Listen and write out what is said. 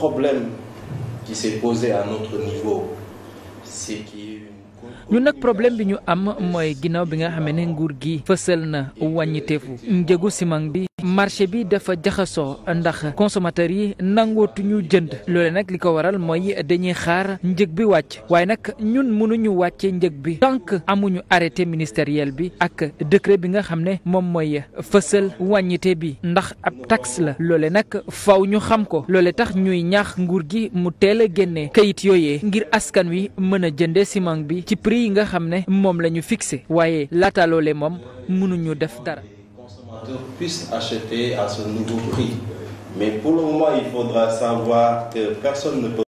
problème qui s'est nag problème bi ñu am mooy ginnaaw bi nga xamee ne nguur gi fësal na wàññiteefu njëgu simang bi marché bi dafa jaxasoo ndax consommateurs yi nangootuñu jënd loole nag li ko waral mooy dañuy xaar njëg bi wàcc waaye nag ñun mënuñu wàcce njëg bi tant que amuñu arrêté ministériel bi ak décret bi nga xam ne moom mooy fësal wàññite bi ndax ab taxe la loole nag faw ñu xam ko loole tax ñuy ñax nguur gi mu teel a génne kayit yooyee ngir askan wi mën a jënde ciment bi ci prix yi nga xam ne moom la ñu fixé waaye laata moom mënuñu def dara consommateurs puissent acheter à ce nouveau prix. Mais pour le moment, il faudra savoir que personne ne peut